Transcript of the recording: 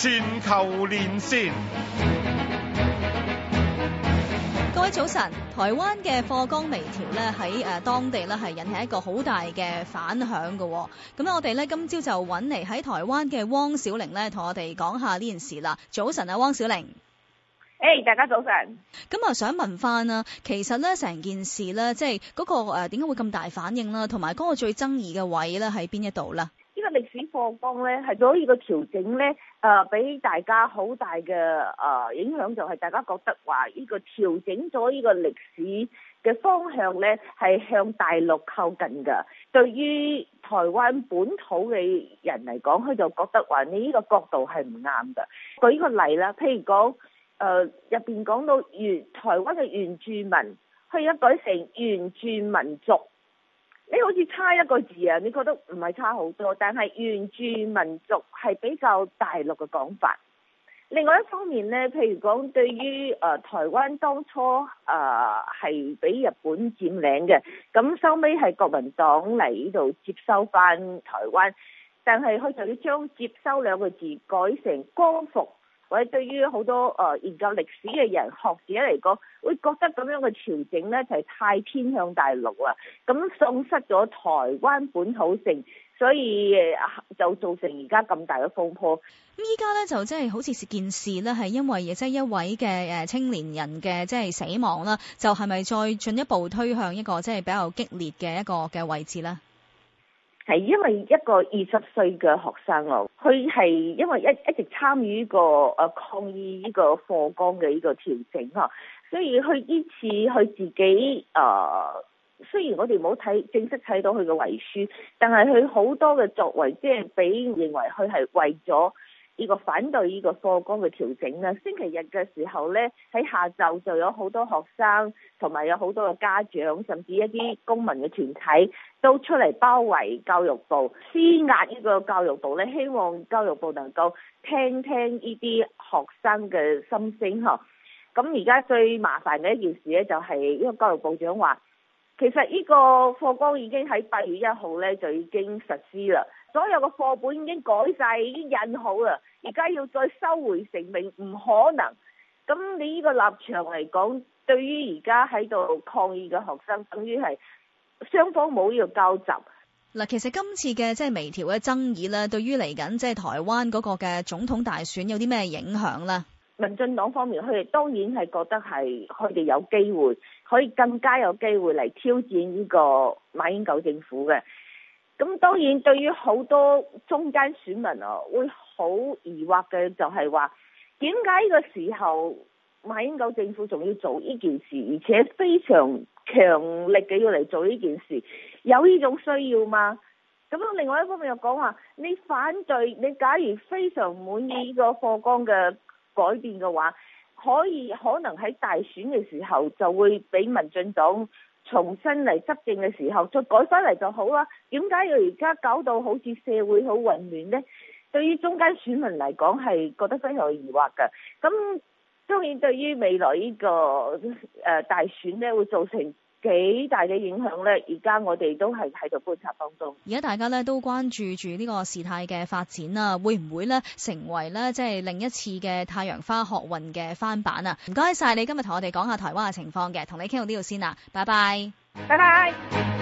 全球連線，各位早晨。台灣嘅課綱微調咧，喺誒當地咧係引起一個好大嘅反響嘅。咁我哋咧今朝就揾嚟喺台灣嘅汪小玲咧，同我哋講一下呢件事啦。早晨啊，汪小玲。誒，hey，大家早晨。咁啊，想問返啊，其實咧成件事咧，即係嗰個誒點解會咁大反應啦，同埋嗰個最爭議嘅位咧喺邊一度啦？歷史課綱呢，係做呢個調整呢，誒俾大家好大嘅誒影響，就係大家覺得話呢個調整咗呢個歷史嘅方向呢，係向大陸靠近㗎。對於台灣本土嘅人嚟講，佢就覺得話你呢個角度係唔啱㗎。舉個例啦，譬如講誒入邊講到原台灣嘅原住民，佢一改成原住民族。你好似差一個字啊，你覺得唔係差好多，但係原住民族係比較大陸嘅講法。另外一方面呢，譬如講對於、呃、台灣當初啊係俾日本佔領嘅，咁收尾係國民黨嚟呢度接收返台灣，但係佢就要將接收兩個字改成光復。或者對於好多誒研究歷史嘅人學者嚟講，會覺得咁樣嘅調整咧就係太偏向大陸啦，咁喪失咗台灣本土性，所以就造成而家咁大嘅風波。咁依家咧就真係好似是件事咧，係因為亦即係一位嘅誒青年人嘅即係死亡啦，就係、是、咪再進一步推向一個即係比較激烈嘅一個嘅位置咧？係因為一個二十歲嘅學生咯、啊，佢係因為一一直參與呢個誒抗議呢個課綱嘅呢個調整啊，所以佢呢次佢自己誒、啊，雖然我哋冇睇正式睇到佢嘅遺書，但係佢好多嘅作為，即係俾認為佢係為咗。呢個反對呢個課綱嘅調整啦，星期日嘅時候呢，喺下晝就有好多學生同埋有好多嘅家長，甚至一啲公民嘅團體都出嚟包圍教育部，施壓呢個教育部呢，希望教育部能夠聽聽呢啲學生嘅心聲嚇。咁而家最麻煩嘅一件事呢，就係呢個教育部長話，其實呢個課綱已經喺八月一號呢，就已經實施啦。所有嘅課本已經改晒，已經印好啦。而家要再收回成命，唔可能。咁你呢個立場嚟講，對於而家喺度抗議嘅學生，等於係雙方冇呢個交集。嗱，其實今次嘅即係微調嘅爭議啦，對於嚟緊即係台灣嗰個嘅總統大選有啲咩影響咧？民進黨方面，佢哋當然係覺得係佢哋有機會，可以更加有機會嚟挑戰呢個馬英九政府嘅。咁當然，對於好多中間選民啊，會好疑惑嘅就係話，點解呢個時候馬英九政府仲要做呢件事，而且非常強力嘅要嚟做呢件事，有呢種需要嘛？咁另外一方面又講話，啊，你反對你假如非常滿意呢個課綱嘅改變嘅話，可以可能喺大選嘅時候就會俾民進黨。重新嚟執政嘅時候，再改翻嚟就好啦。點解要而家搞到好似社會好混亂呢？對於中間選民嚟講係覺得非常疑惑嘅。咁當然對於未來呢、呢個誒、呃、大選呢，會造成幾大嘅影響咧，而家我哋都係喺度觀察當中。而家大家咧都關注住呢個事態嘅發展啦，會唔會咧成為咧即係另一次嘅太陽花學運嘅翻版啊？唔該晒，你今日同我哋講下台灣嘅情況嘅，同你傾到呢度先啦，拜拜，拜拜。